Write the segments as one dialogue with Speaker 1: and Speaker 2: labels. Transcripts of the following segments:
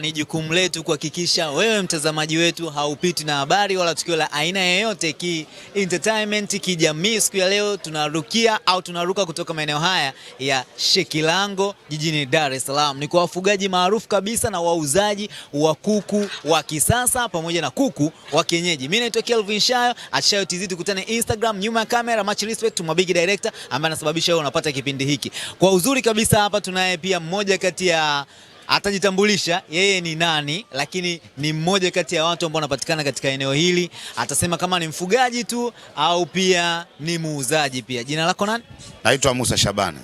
Speaker 1: ni jukumu letu kuhakikisha wewe mtazamaji wetu haupiti na habari wala tukio la aina yoyote ki entertainment kijamii. Siku ya leo tunarukia au tunaruka kutoka maeneo haya ya Shekilango jijini Dar es Salaam, ni kwa wafugaji maarufu kabisa na wauzaji wa kuku wa kisasa pamoja na kuku wa kienyeji. Mimi naitwa Kelvin Shayo at Shayo tukutane Instagram, nyuma ya kamera. Much respect to Mabigi director ambaye anasababisha wewe unapata kipindi hiki kwa uzuri kabisa. Hapa tunaye pia mmoja kati ya Atajitambulisha yeye ni nani, lakini ni mmoja kati ya watu ambao wanapatikana katika eneo hili. Atasema kama ni mfugaji tu au pia ni muuzaji pia. Jina lako nani?
Speaker 2: Naitwa Musa Shabani.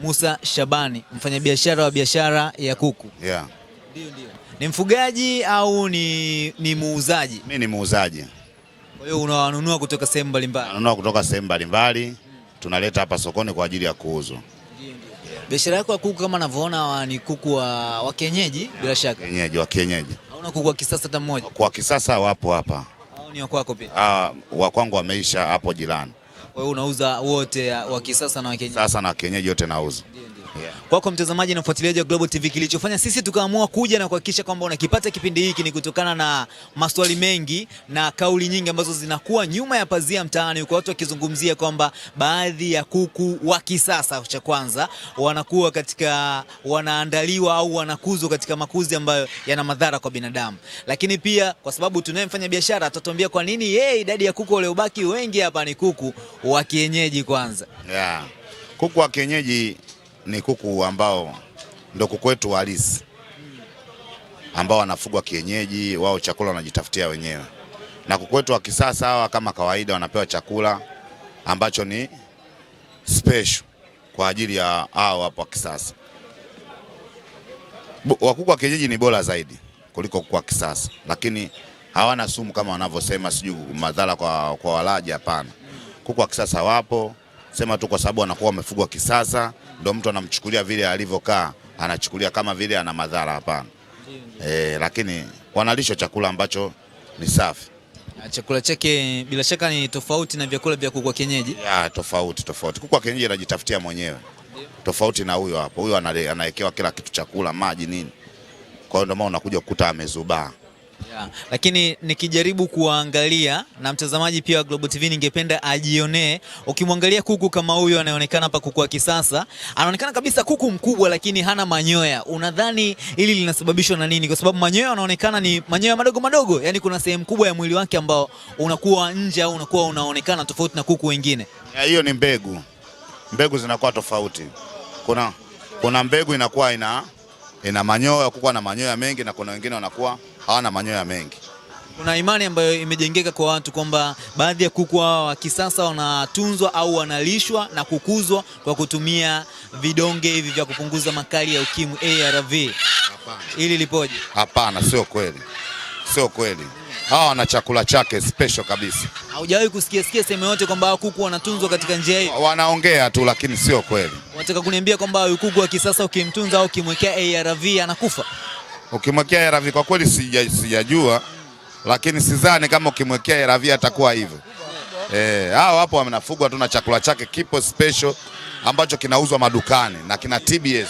Speaker 1: Musa Shabani, mfanyabiashara wa biashara ya kuku. Yeah. Ndio, ndio. Ni mfugaji au ni, ni muuzaji?
Speaker 2: Mimi ni muuzaji.
Speaker 1: Kwa hiyo unawanunua kutoka sehemu mbalimbali?
Speaker 2: Nanunua kutoka sehemu mbalimbali, tunaleta hapa sokoni kwa ajili ya kuuzwa.
Speaker 1: Biashara yako ya kuku kama navyoona ni kuku wa, wa kienyeji bila shaka.
Speaker 2: Kienyeji wa kienyeji.
Speaker 1: Hauna kuku wa kisasa hata mmoja?
Speaker 2: Kwa kisasa wapo hapa.
Speaker 1: Hao ni wa kwako pia?
Speaker 2: Ah, wa kwangu wameisha hapo jirani.
Speaker 1: Kwa hiyo unauza wote wa kisasa na wa kienyeji?
Speaker 2: Sasa na kienyeji yote nauza.
Speaker 1: Ndio yeah. Kwako mtazamaji na mfuatiliaji wa Global TV, kilichofanya sisi tukaamua kuja na kuhakikisha kwamba unakipata kipindi hiki ni kutokana na maswali mengi na kauli nyingi ambazo zinakuwa nyuma ya pazia mtaani, kwa watu wakizungumzia kwamba baadhi ya kuku wa kisasa cha kwanza wanakuwa katika wanaandaliwa au wanakuzwa katika makuzi ambayo yana madhara kwa binadamu, lakini pia kwa sababu tunayemfanya biashara atatuambia kwa nini yeye idadi ya kuku waliobaki wengi hapa ni kuku wa kienyeji kwanza,
Speaker 2: yeah. Kuku wa kienyeji ni kuku ambao ndo kuku wetu halisi ambao wanafugwa kienyeji, wao chakula wanajitafutia wenyewe, na kuku wetu wa kisasa hawa kama kawaida wanapewa chakula ambacho ni special kwa ajili ya hao hapo wa kisasa. kuku wa kienyeji ni bora zaidi kuliko kuku wa kisasa, lakini hawana sumu kama wanavyosema, sijui madhara kwa, kwa walaji. Hapana, kuku wa kisasa wapo sema tu kwa sababu anakuwa wamefugwa kisasa, ndio mtu anamchukulia vile alivyokaa, anachukulia kama vile ana madhara. Hapana e, lakini wanalisho chakula ambacho ni safi.
Speaker 1: Chakula chake bila shaka ni tofauti na vyakula vya kuku wa kienyeji
Speaker 2: ya, tofauti tofauti. Kuku wa kienyeji anajitafutia mwenyewe, tofauti na huyo hapo. Huyo anawekewa kila kitu, chakula, maji, nini. Kwa hiyo ndio maana unakuja kukuta amezubaa.
Speaker 1: Yeah. Lakini nikijaribu kuangalia na mtazamaji pia wa Global TV ningependa ajionee, ukimwangalia kuku kama huyo anayeonekana hapa, kuku wa kisasa, anaonekana kabisa kuku mkubwa, lakini hana manyoya. Unadhani hili linasababishwa na nini? Kwa sababu manyoya anaonekana ni manyoya madogo madogo, yani kuna sehemu kubwa ya mwili wake ambao unakuwa nje au unakuwa unaonekana tofauti na kuku wengine.
Speaker 2: Hiyo ni mbegu, mbegu zinakuwa tofauti. Kuna, kuna mbegu inakuwa ina, ina manyoya, kuku na manyoya mengi, na kuna wengine wanakuwa hawana manyoya mengi.
Speaker 1: Kuna imani ambayo imejengeka kwa watu kwamba baadhi ya kuku hawa wa kisasa wanatunzwa au wanalishwa na kukuzwa kwa kutumia vidonge hivi vya kupunguza makali ya ukimwi ARV. Hapana. Hili lipoje?
Speaker 2: Hapana, sio kweli, sio kweli. Hawa wana chakula chake special kabisa.
Speaker 1: Haujawahi kusikia sikia sehemu yote kwamba kuku wanatunzwa katika njia hiyo?
Speaker 2: Wanaongea tu, lakini sio kweli.
Speaker 1: Unataka kuniambia kwamba kuku wa kisasa ukimtunza au ukimwekea ARV anakufa?
Speaker 2: Ukimwekea Eravi kwa kweli sijajua, lakini sidhani kama ukimwekea Eravi atakuwa hivyo. Eh, hao hapo wanafugwa tu na chakula chake kipo special ambacho kinauzwa madukani na kina TBS.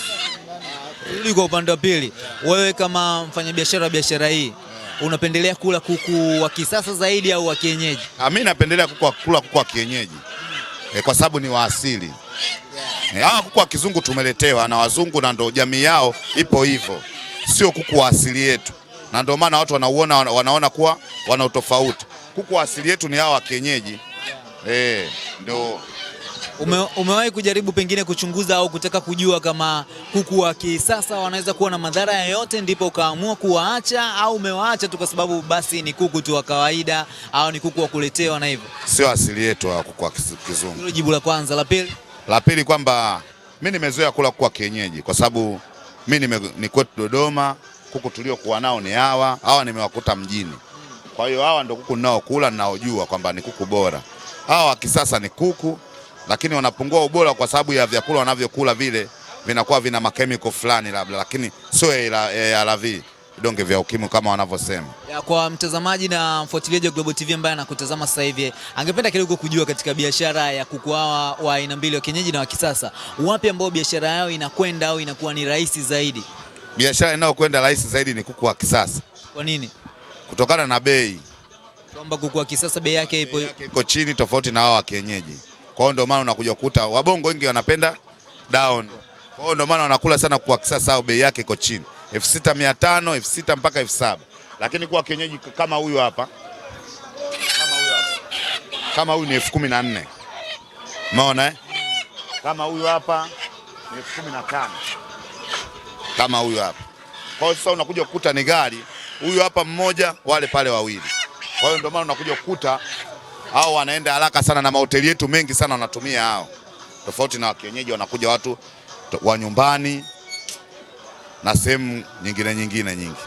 Speaker 1: Ili kwa upande wa pili, wewe kama mfanyabiashara wa biashara hii unapendelea kula kuku wa kisasa zaidi au wa kienyeji?
Speaker 2: Ah, mimi napendelea kuku, kula kuku wa kienyeji e, kwa sababu ni wa asili. Eh, hawa kuku wa kizungu tumeletewa na wazungu na ndo jamii yao ipo hivyo sio kuku wa asili yetu, na ndio maana watu wanauona, wanaona kuwa wana utofauti. Kuku wa asili yetu ni hawa wa kienyeji eh, ndio
Speaker 1: Ume, umewahi kujaribu pengine kuchunguza au kutaka kujua kama kuku wa kisasa wanaweza kuwa na madhara yoyote, ndipo ukaamua kuwaacha au umewaacha tu kwa sababu basi ni kuku tu wa kawaida au ni kuku wa kuletewa na hivyo
Speaker 2: sio asili yetu wa kuku wa kizungu?
Speaker 1: Hilo jibu la kwanza. La pili,
Speaker 2: la pili kwamba mimi nimezoea kula kuku wa kienyeji kwa sababu mimi ni kwetu Dodoma, kuku tuliokuwa nao ni hawa hawa, nimewakuta mjini. Kwa hiyo hawa ndo kuku ninaokula ninaojua kwamba ni kuku bora. Hawa wa kisasa ni kuku, lakini wanapungua ubora kwa sababu ya vyakula wanavyokula, vile vinakuwa vina makemiko fulani labda, lakini sio ARV vidonge vya ukimwi kama wanavyosema.
Speaker 1: Kwa mtazamaji na mfuatiliaji wa Global TV ambaye anakutazama sasa hivi, angependa kidogo kujua katika biashara ya kuku hawa wa aina mbili wa kienyeji na wa kisasa, wapi ambao biashara yao inakwenda au inakuwa ni rahisi zaidi?
Speaker 2: Biashara inayokwenda rahisi zaidi ni kuku wa kisasa. Kwa nini? Kutokana na bei
Speaker 1: kwamba kuku wa kisasa bei yake ipo iko
Speaker 2: chini tofauti na hao wa kienyeji. Kwa hiyo ndio maana unakuja kukuta wabongo wengi wanapenda down. Kwa hiyo ndio maana wanakula sana kuku wa kisasa au bei yake iko chini elfu sita mia tano elfu sita mpaka elfu saba lakini kuwa kienyeji kama huyu hapa kama huyu ni elfu kumi na nne umeona eh? kama huyu hapa ni elfu kumi na tano kama huyu hapa. Kwa hiyo sasa unakuja kukuta ni gari huyu hapa mmoja, wale pale wawili. Kwa hiyo ndio maana unakuja kukuta hao wanaenda haraka sana, na mahoteli yetu mengi sana wanatumia hao, tofauti na wakienyeji, wanakuja watu wa nyumbani na sehemu nyingine nyingine nyingi.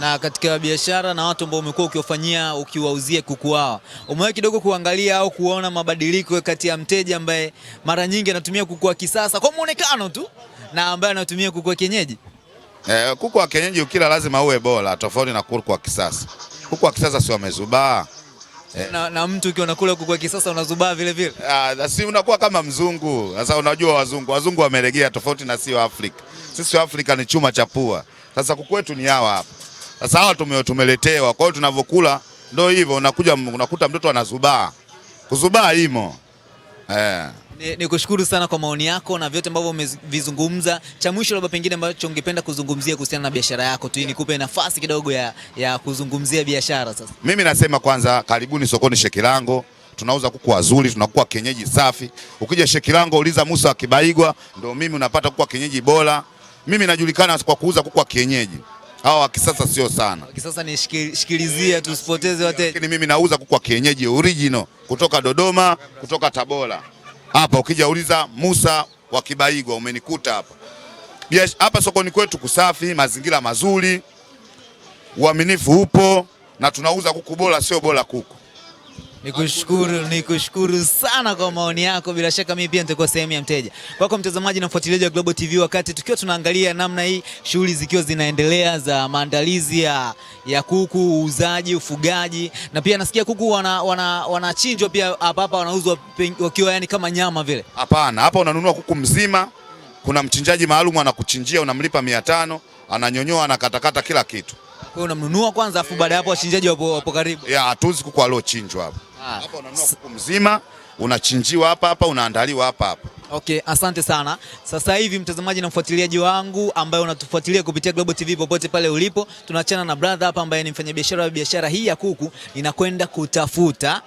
Speaker 1: Na katika biashara na watu ambao umekuwa ukiwafanyia ukiwauzia kuku hawa, umewahi kidogo kuangalia au kuona mabadiliko kati ya mteja ambaye mara nyingi anatumia kuku wa kisasa kwa muonekano tu na ambaye anatumia kuku wa kienyeji?
Speaker 2: Eh, kuku wa kienyeji ukila lazima uwe bora tofauti na kuku wa kisasa. Kuku wa kisasa si wamezubaa
Speaker 1: Eh. Na, na mtu ukiwa nakula kuku kisasa unazubaa vile vile,
Speaker 2: ah, si unakuwa kama mzungu. Sasa unajua wazungu wazungu wamelegea tofauti na sio Afrika. Sisi Afrika ni chuma cha pua. Sasa kuku wetu ni hawa hapa. Sasa hawa tume, tumeletewa kwa hiyo tunavyokula ndio hivyo, unakuja unakuta mtoto anazubaa, kuzubaa imo eh.
Speaker 1: Ni, ni kushukuru sana kwa maoni yako na vyote ambavyo umevizungumza. Cha mwisho labda pengine ambacho ungependa kuzungumzia kuhusiana na biashara yako tu, nikupe nafasi kidogo ya, ya kuzungumzia biashara sasa.
Speaker 2: Mimi nasema kwanza, karibuni sokoni Shekilango, tunauza kuku wazuri, tunakuwa kienyeji safi. Ukija Shekilango uliza Musa Kibaigwa, ndio mimi unapata kuku kienyeji bora. Mimi najulikana kwa kuuza kuku kienyeji hawa wa kisasa sio sana.
Speaker 1: Kisasa ni shikilizia tusipoteze wateja.
Speaker 2: Lakini mimi nauza kuku wa kienyeji original kutoka Dodoma, kutoka Tabora hapa. Ukijauliza Musa wa Kibaigwa, umenikuta hapa hapa sokoni kwetu kusafi, mazingira mazuri, uaminifu upo na tunauza kuku bora, sio bora kuku
Speaker 1: Nikushukuru, nikushukuru sana kwa maoni yako. Bila shaka mimi pia nitakuwa sehemu ya mteja kwako, mtazamaji na mfuatiliaji wa Global TV, wakati tukiwa tunaangalia namna hii shughuli zikiwa zinaendelea za maandalizi ya, ya kuku, uuzaji, ufugaji na pia nasikia kuku wanachinjwa wana, wana pia hapa hapa wanauzwa wakiwa yani kama nyama vile.
Speaker 2: Hapana, hapa unanunua kuku mzima, kuna mchinjaji maalum anakuchinjia, unamlipa mia tano, ananyonyoa, anakatakata kila kitu.
Speaker 1: Kwa hiyo unamnunua kwanza, afu baada ya hapo wachinjaji wapo karibu.
Speaker 2: Ya, hatuuzi kuku aliochinjwa hapa. Ah. Hapa unanunua kuku mzima, unachinjiwa hapa hapa, unaandaliwa hapa hapa.
Speaker 1: Okay, asante sana. Sasa hivi mtazamaji na mfuatiliaji wangu ambaye unatufuatilia kupitia Global TV popote pale ulipo, tunaachana na brother hapa ambaye ni mfanyabiashara wa biashara hii ya kuku, inakwenda kutafuta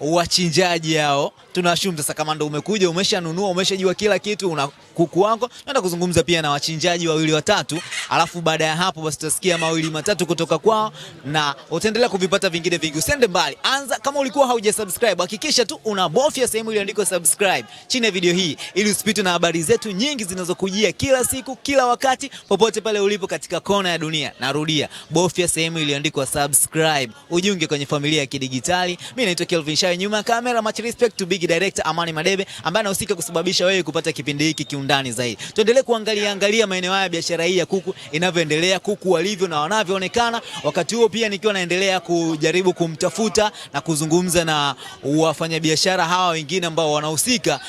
Speaker 1: wachinjaji hao tunashumu sasa, kama ndo umekuja umeshanunua, umeshajua kila kitu, una kuku wako. Naenda kuzungumza pia na wachinjaji wawili watatu, alafu baada ya hapo basi tutasikia mawili matatu kutoka kwao na utaendelea kuvipata vingine vingi. Usende mbali, anza kama ulikuwa haujasubscribe, hakikisha tu unabofya sehemu iliyoandikwa subscribe chini ya video hii, ili usipitwe na habari zetu nyingi zinazokujia kila siku, kila wakati, popote pale ulipo katika kona ya dunia. Narudia, bofya sehemu iliyoandikwa subscribe, ujiunge kwenye familia ya kidigitali. Mimi naitwa Kelvin Shai, nyuma ya kamera, much respect to big Music Director Amani Madebe ambaye anahusika kusababisha wewe kupata kipindi hiki kiundani zaidi. Tuendelee kuangalia angalia maeneo haya biashara hii ya kuku inavyoendelea, kuku walivyo na wanavyoonekana. Wakati huo pia nikiwa naendelea kujaribu kumtafuta na kuzungumza na wafanyabiashara hawa wengine ambao wanahusika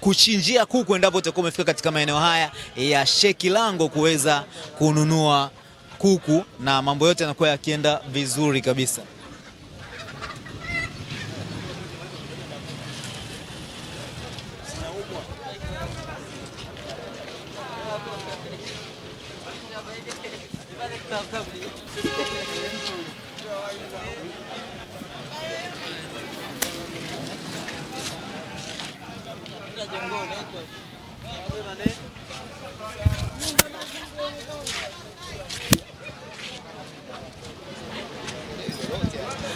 Speaker 1: kuchinjia kuku endapo utakuwa umefika katika maeneo haya ya Sheki Lango kuweza kununua kuku na mambo yote yanakuwa yakienda vizuri kabisa. Tamam tamam.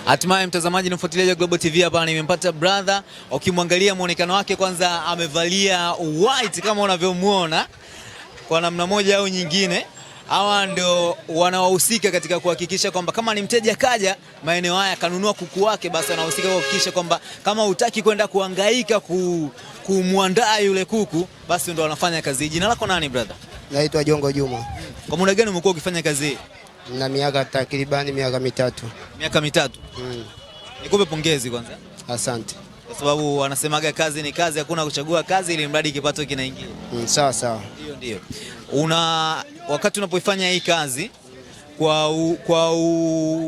Speaker 1: Hatimaye mtazamaji na mfuatiliaji wa Global TV hapa nimempata brother. Ukimwangalia muonekano wake kwanza, amevalia white kama unavyomuona, kwa namna moja au nyingine hawa ndio wanaohusika katika kuhakikisha kwamba kama ni mteja kaja maeneo haya kanunua kuku wake, basi wanahusika kuhakikisha kwamba kama hutaki kwenda kuhangaika kumwandaa yule kuku, basi ndio wanafanya kazi hii. Jina lako nani brother?
Speaker 3: Naitwa Jongo Juma.
Speaker 1: Kwa muda gani umekuwa ukifanya kazi hii?
Speaker 3: na miaka takribani miaka mitatu.
Speaker 1: Miaka mitatu. Mm. Nikupe pongezi kwanza. Asante. Kwa sababu wanasemaga kazi ni kazi, hakuna kuchagua kazi ili mradi kipato kinaingia.
Speaker 3: Mm, sawa sawa.
Speaker 1: Ndio, ndio. Una wakati unapoifanya hii kazi kwa u, kwa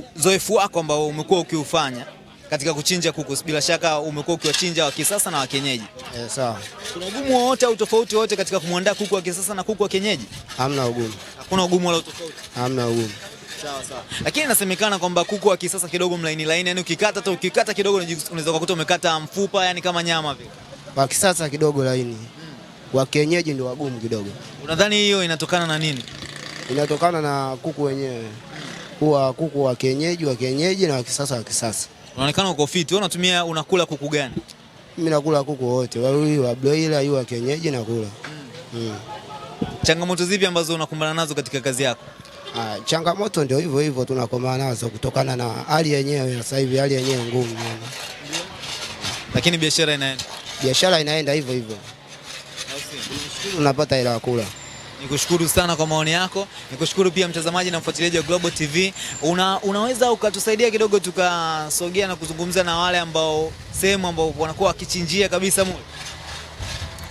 Speaker 1: uzoefu wako ambao umekuwa ukiufanya katika kuchinja kuku, bila shaka umekuwa ukiwachinja wa kisasa na wa kienyeji. Eh, sawa. Kuna ugumu wowote au tofauti wowote katika kumwandaa kuku wa kisasa na kuku wa kienyeji? Hamna ugumu. Hakuna ugumu wala tofauti? Hamna ugumu. Sawa sawa. Lakini inasemekana kwamba kuku wa kisasa kidogo mlaini laini, yani ukikata tu ukikata kidogo unaweza kukuta umekata mfupa, yani kama nyama vile.
Speaker 3: Wa kisasa kidogo laini. Hmm. Wa kienyeji ndio wagumu kidogo.
Speaker 1: Unadhani hiyo inatokana na nini?
Speaker 3: Inatokana na kuku wenyewe. Huwa kuku wa kienyeji wa kienyeji na wa kisasa wa kisasa.
Speaker 1: Unaonekana uko fit. Wewe unatumia unakula kuku gani?
Speaker 3: Mimi nakula kuku wote. Wao wa broiler, yule wa kienyeji nakula.
Speaker 1: Hmm. Hmm. Changamoto zipi ambazo unakumbana nazo katika kazi yako?
Speaker 3: Ah, changamoto ndio hivyo hivyo tunakumbana nazo kutokana na hali yenyewe sasa hivi, hali yenyewe ngumu,
Speaker 1: lakini biashara inaenda,
Speaker 3: biashara inaenda hivyo hivyo, unapata hela ya kula.
Speaker 1: Nikushukuru sana kwa maoni yako. Nikushukuru pia mtazamaji na mfuatiliaji wa Global TV. Una, unaweza ukatusaidia kidogo tukasogea na kuzungumza na wale ambao sehemu ambao wanakuwa wakichinjia kabisa mule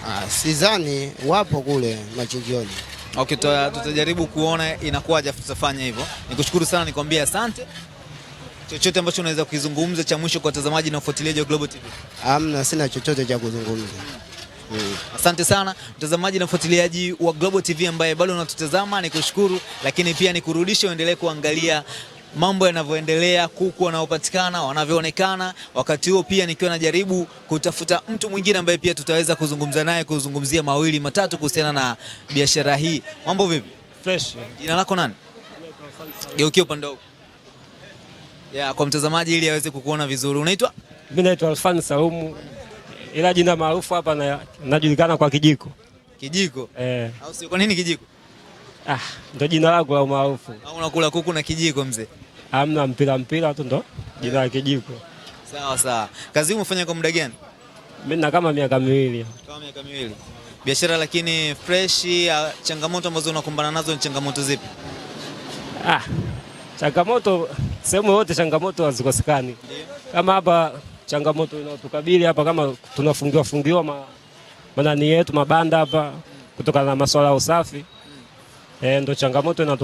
Speaker 3: Ah, sidhani wapo kule machinjioni.
Speaker 1: Okay, tutajaribu kuona inakuwaje tutafanya hivyo. Nikushukuru sana nikwambie asante. Chochote ambacho unaweza kukizungumza cha mwisho kwa watazamaji na wafuatiliaji wa Global TV?
Speaker 3: Hamna, sina chochote cha kuzungumza.
Speaker 1: Mm. Asante sana mtazamaji na mfuatiliaji wa Global TV ambaye bado unatutazama, nikushukuru, lakini pia nikurudishe uendelee kuangalia mambo yanavyoendelea, kuku wanaopatikana, wanavyoonekana. Wakati huo pia nikiwa najaribu kutafuta mtu mwingine ambaye pia tutaweza kuzungumza naye, kuzungumzia mawili matatu kuhusiana na biashara hii. Mambo vipi? Fresh. Jina lako nani? Geukia upande huko. Yeah, kwa mtazamaji ili aweze kukuona vizuri. Unaitwa?
Speaker 4: Mimi naitwa Alfan Saumu. Ila jina maarufu hapa na najulikana kwa Kijiko. Kijiko? Eh.
Speaker 1: Au sio? Kwa nini Kijiko?
Speaker 4: Ah, ndio jina lako la maarufu.
Speaker 1: Au unakula kuku na kijiko mzee?
Speaker 4: Amna mpira mpira tu ndo jina yake jiko.
Speaker 1: Sawa sawa. Kazi umefanya kwa muda gani?
Speaker 4: Mimi na kama miaka miwili.
Speaker 1: Kama miaka miwili. Biashara lakini fresh, changamoto ambazo unakumbana nazo ni changamoto zipi?
Speaker 4: Ah. Changamoto sehemu yote changamoto hazikosekani. Kama hapa changamoto inayotukabili hapa kama tunafungiwa fungiwa ma, manani yetu mabanda hapa kutokana na masuala ya usafi. Eh, ndo changamoto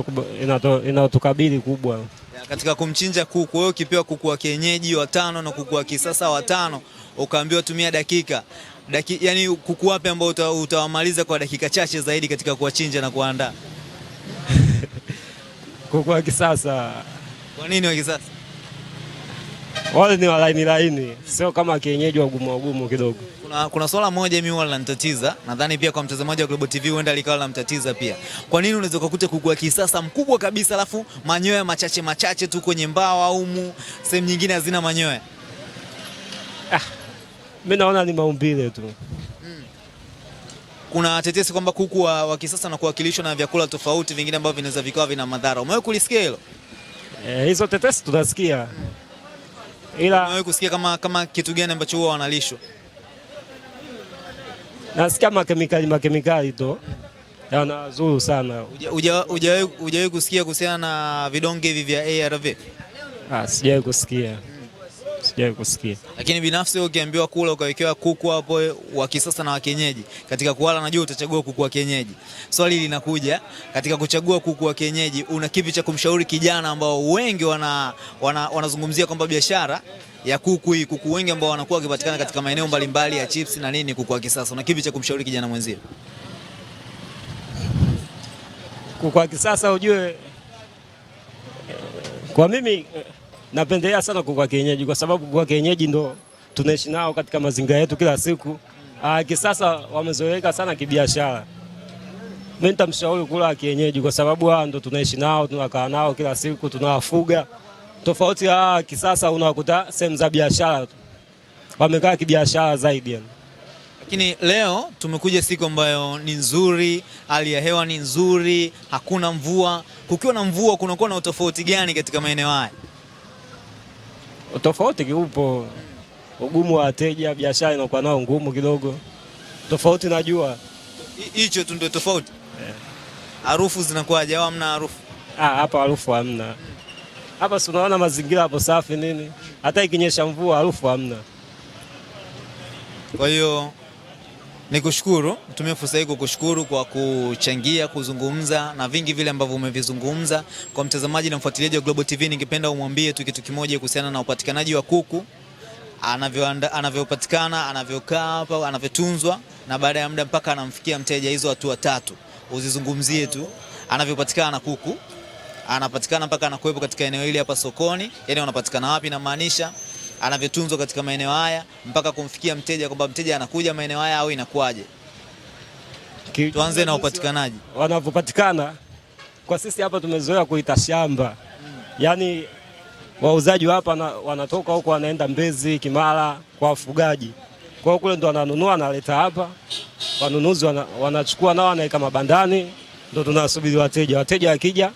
Speaker 4: inayotukabili kubwa
Speaker 1: katika kumchinja kuku. Wewe ukipewa kuku wa kienyeji watano na kuku wa kisasa watano, ukaambiwa tumia dakika daki, yani kuku wapi ambao utawamaliza kwa dakika chache zaidi katika kuwachinja na kuandaa?
Speaker 4: kuku wa kisasa.
Speaker 1: Kwa nini wa kisasa?
Speaker 4: Wale ni walaini laini, sio kama kienyeji wagumu wagumu kidogo.
Speaker 1: Kuna, kuna swala moja mimi huwa linanitatiza, nadhani pia kwa mtazamaji wa Global TV huenda likawa linamtatiza pia. Kwa nini unaweza kukuta kuku wa kisasa mkubwa kabisa alafu manyoya machache machache tu kwenye mbawa au mu sehemu nyingine hazina manyoya?
Speaker 4: Ah, mimi naona ni maumbile tu.
Speaker 1: Hmm. Kuna tetesi kwamba kuku wa, wa kisasa na kuwakilishwa na vyakula tofauti vingine ambavyo vinaweza vikawa vina madhara. Umewahi kulisikia hilo?
Speaker 4: Eh, hizo tetesi tunasikia.
Speaker 1: Hmm. Ila umewahi kusikia kama, kama kitu gani ambacho huwa wanalishwa?
Speaker 4: nasikia makemikali makemikali to yana zuru sana.
Speaker 1: Hujawahi kusikia kuhusiana na vidonge hivi vya ARV?
Speaker 4: Ah, sijawahi kusikia sijawahi kusikia.
Speaker 1: Lakini binafsi ukiambiwa kula ukawekewa kuku hapo wa kisasa na wa kienyeji, katika kuwala najua utachagua kuku wa kienyeji. Swali linakuja, katika kuchagua kuku wa kienyeji, una kipi cha kumshauri kijana ambao wengi wanazungumzia wana, wana kwamba biashara ya kuku hii, kuku wengi ambao wanakuwa wakipatikana katika maeneo mbalimbali ya chips na nini, kuku wa kisasa, na kipi cha kumshauri kijana mwenzio?
Speaker 4: Kuku wa kisasa ujue, kwa mimi napendelea sana kuku wa kienyeji, kwa sababu kuku wa kienyeji ndo tunaishi nao katika mazingira yetu kila siku. Ah, kisasa wamezoeleka sana kibiashara. Mimi nitamshauri kula kienyeji, kwa sababu hao ndo tunaishi nao, tunakaa nao kila siku, tunawafuga. Tofauti ya kisasa unakuta sehemu za biashara tu wamekaa kibiashara zaidi yani.
Speaker 1: Lakini leo tumekuja siku ambayo ni nzuri, hali ya hewa ni nzuri, hakuna mvua. Kukiwa na mvua kunakuwa na utofauti gani katika maeneo haya?
Speaker 4: Utofauti kiupo, ugumu wa wateja, biashara inakuwa nao ngumu kidogo, tofauti najua
Speaker 1: hicho tu ndio tofauti. Eh. Harufu yeah. Zinakuwaje? Hamna harufu
Speaker 4: ah, hapa, harufu hamna hapa si unaona mazingira hapo safi nini, hata ikinyesha mvua harufu hamna.
Speaker 1: Kwa hiyo kushukuru, nitumie fursa hii kukushukuru kwa kuchangia kuzungumza na vingi vile ambavyo umevizungumza. Kwa mtazamaji na mfuatiliaji wa Global TV, ningependa umwambie tu kitu kimoja kuhusiana na upatikanaji wa kuku anavyopatikana anavyokaa hapa anavyotunzwa, na baada ya muda mpaka anamfikia mteja. Hizo hatua tatu uzizungumzie tu, anavyopatikana kuku anapatikana mpaka anakuwepo katika eneo hili hapa sokoni, yani wanapatikana wapi, namaanisha anavyotunzwa katika maeneo haya mpaka kumfikia mteja, kwamba mteja anakuja maeneo haya au inakuwaje? Tuanze na upatikanaji,
Speaker 4: Wanapopatikana kwa sisi hapa tumezoea kuita shamba hmm. Yani wauzaji hapa wanatoka huko wanaenda Mbezi, Kimara kwa wafugaji, kwa hiyo kule ndo wananunua analeta hapa, wanunuzi wanachukua nao wanaweka mabandani, ndo tunasubiri wateja. Wateja wakija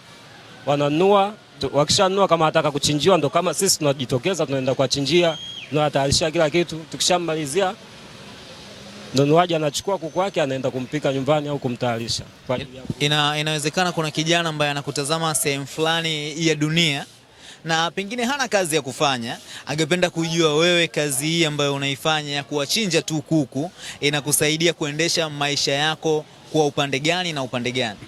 Speaker 4: wananua wakishanua kama hataka kuchinjiwa, ndo kama sisi tunajitokeza tunaenda kuwachinjia, tunawatayarishia kila kitu. Tukishammalizia mnunuaji anachukua kuku wake anaenda kumpika nyumbani au kumtayarisha.
Speaker 1: Ina, inawezekana kuna kijana ambaye anakutazama sehemu fulani ya dunia na pengine hana kazi ya kufanya, angependa kujua wewe kazi hii ambayo unaifanya ya kuwachinja tu kuku inakusaidia kuendesha maisha yako kwa upande gani na upande gani?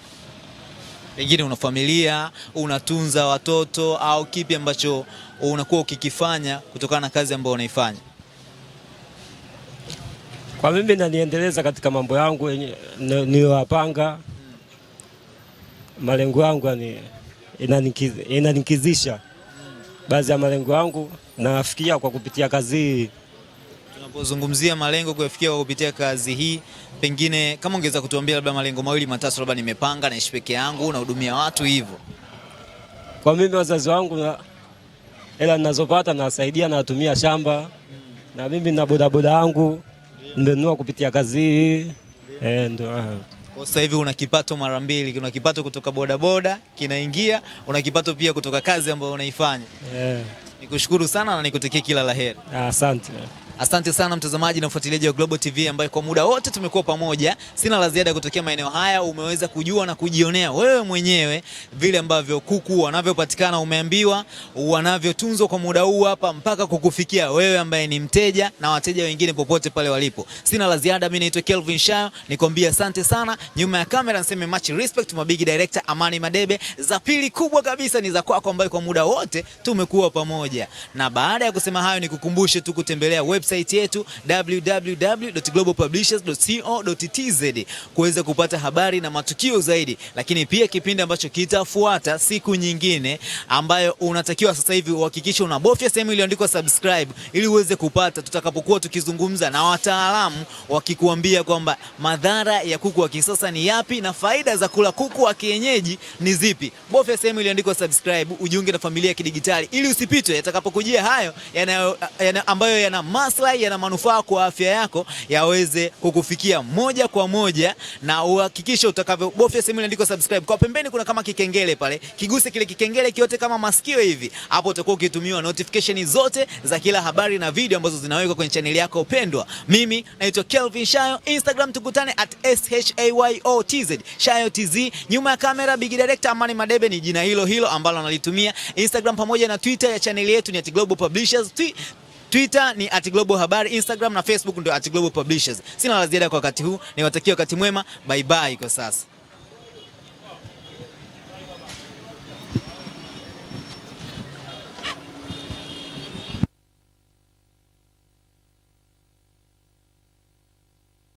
Speaker 1: pengine una familia, unatunza watoto, au kipi ambacho unakuwa ukikifanya kutokana na kazi ambayo unaifanya?
Speaker 4: Kwa mimi naniendeleza katika mambo yangu niliyopanga, malengo yangu ni inanikizisha baadhi ya malengo yangu, nafikia kwa kupitia kazi hii.
Speaker 1: Unapozungumzia malengo kuyafikia kwa kupitia kazi hii, pengine kama ungeweza kutuambia labda malengo mawili matatu, labda nimepanga naishi peke yangu nahudumia watu hivyo.
Speaker 4: Kwa mimi wazazi wangu na hela ninazopata nawasaidia, natumia shamba na mimi na bodaboda yangu ndenunua kupitia kazi hii e, ndo
Speaker 1: kwa sasa hivi una kipato mara mbili, una kipato kutoka bodaboda kinaingia, una kipato pia kutoka kazi ambayo unaifanya yeah. Nikushukuru sana na nikutakia kila la heri. Asante. Asante sana mtazamaji na mfuatiliaji wa Global TV ambaye kwa muda wote tumekuwa pamoja. Sina la ziada kutokea maeneo haya, umeweza kujua na kujionea wewe mwenyewe vile ambavyo kuku wanavyopatikana, umeambiwa wanavyotunzwa kwa muda huu hapa mpaka kukufikia wewe ambaye ni mteja na wateja wengine popote pale walipo. Sina la ziada, mimi naitwa Kelvin Shayo, nikwambia asante sana. Nyuma ya kamera nasema much respect mabigi director Amani Madebe. Za pili kubwa kabisa ni za kwako ambaye kwa muda wote tumekuwa pamoja. Na baada ya kusema hayo nikukumbushe tu kutembelea website website yetu www.globalpublishers.co.tz kuweza kupata habari na matukio zaidi, lakini pia kipindi ambacho kitafuata siku nyingine, ambayo unatakiwa sasa hivi uhakikishe unabofya sehemu iliyoandikwa subscribe ili uweze kupata tutakapokuwa tukizungumza na wataalamu wakikuambia kwamba madhara ya kuku wa kisasa ni yapi na faida za kula kuku wa kienyeji ni zipi. Bofya sehemu iliyoandikwa subscribe, ujiunge na familia ya kidigitali ili usipitwe yatakapokujia hayo yana, yana ambayo yana maslahi yana manufaa kwa afya yako yaweze kukufikia moja kwa moja, na uhakikishe utakavyobofya sehemu iliyoandikwa subscribe kwa pembeni, kuna kama kikengele pale, kiguse kile kikengele kiote kama masikio hivi, hapo utakuwa ukitumiwa notification zote za kila habari na video ambazo zinawekwa kwenye chaneli yako pendwa. Mimi naitwa Kelvin Shayo, Instagram tukutane at SHAYOTZ, Shayo TZ. Nyuma ya kamera big director Amani Madebe ni jina hilo hilo ambalo analitumia Instagram pamoja na Twitter ya chaneli yetu ni at Global Publishers. Twitter ni at Global Habari, Instagram na Facebook ndio at Global Publishers. Sina la ziada kwa wakati huu, niwatakie wakati mwema. Bye bye kwa sasa.